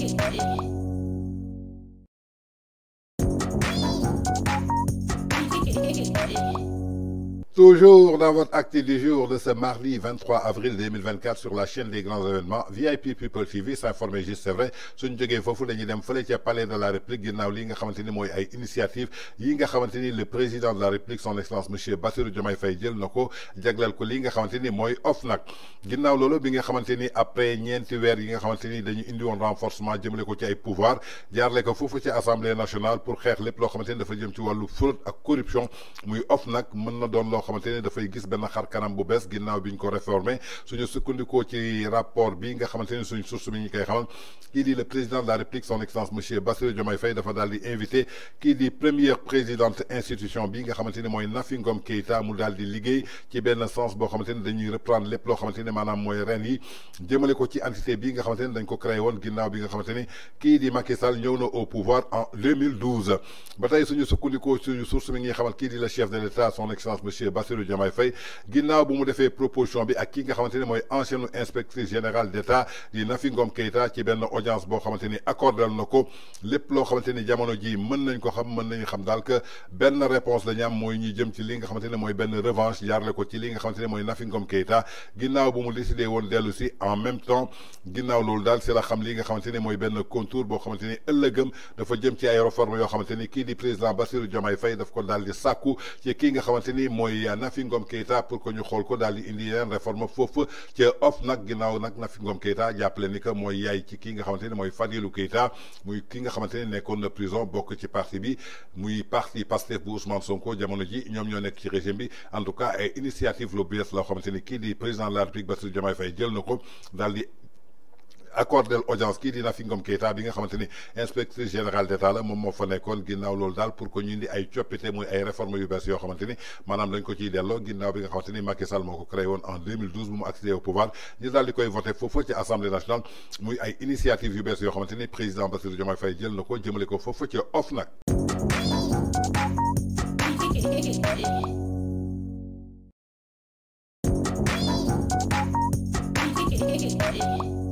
Thank you. Toujours dans votre acte du jour de ce mardi 23 avril 2024 sur la chaîne des grands événements VIP People TV s'informer juste c'est vrai Sun djogé fofu dañuy dem feulé ci palais de la république ginnaw li nga xamanteni moy ay initiative yi nga xamanteni le président de la république son excellence monsieur Bassirou Diomaye Faye jël nako djaglal ko li nga xamanteni moy mooy OFNAC ginnaaw loolu bi nga xamanteni après ñent weer yi nga xamanteni dañu indi won renforcement jëmale ko ci ay pouvoir lé ko fofu ci assemblée nationale pour xeex lépp lo xamanteni dafa jëm ci walu fraude ak corruption muy OFNAC mëna doon loo xamante ne dafay gis benn xar kanam bu bees ginnaaw bi ko réformé suñu sukkandikoo ci rapport bi nga xamante ne suñ source mi ñu koy xamal di le président de la république son excellence monsieur Bassirou Diomaye Faye dafa daal di invité kii di première présidente institution bi nga xamante ne mooy Nafi Ngom Keïta mu daal di liggéey ci benn sens boo xamante ne dañuy reprendre lépp loo xamante ne maanaam mooy ren yi jëmale ko ci entité bi nga xamante ne dañ ko créé woon ginnaaw bi nga xamante ne kii di Macky Sall ñëw na au pouvoir en 2012 ba tey suñu sukkandikoo suñu source mi ngi xamal kii di le chef de l'État son excellence monsieur Bassirou Diamay Faye ginnaw bu mu défé proposition bi ak ki nga xamante moy mooy ancienne inspectrice générale d' di Nafingom Keita, Keïta ci benn audience Bo xamante accordal nako lepp lo loo jamono ji mën nañ ko xam mën nañu xam daal que benn réponse la ñu am mooy ñuy jëm ci li nga xamante moy mooy benn revanche jaarle ko ci li nga xamante moy mooy Keïta bu mu décidé won delu ci en même temps ginnaw loolu daal si la xam li nga xamante moy mooy contour Bo xamante ni ëllëgëm dafa jëm ci ay réforme yoo xamante di président Bassirou Diamay Faye daf ko dal di sàkku ci ki nga xamante moy yaa Nafi Ngom Keita pour que ñu xool ko daal di indi yeneen réforme foofu ca of nag ginnaaw nag Nafi Ngom Keita jàppale ni que mooy yaay ci ki nga xamante ne mooy Fadilou Keita muy ki nga xamante ne nekkoon na prison bokk ci parti bi muy parti Pastef bu Ousmane Sonko jamono ji ñoom ñoo nekk ci régime bi en tout cas ay initiative lu bees la xamante kii di président de la République Bassirou Diomaye Faye jël na ko daal di accordel audience qui dit Nafi Ngom Keïta bi nga xamanteni inspecteur général d'État la mom mo fa nekkoon ginnaw loolu dal pour que ñu indi ay coppite moy ay réformes yu bees yo xamanteni manam lañ ko ci delloo ginnaw bi nga xamanteni Macky Sall moko créé en 2012 bu mu accédé au pouvoir ñu dal di koy voter fofu ci assemblée nationale muy ay initiative yu bees yo xamanteni président Bassirou Diomaye Faye jël nako ko jëmale ko foofu ci OFNAC Thank you.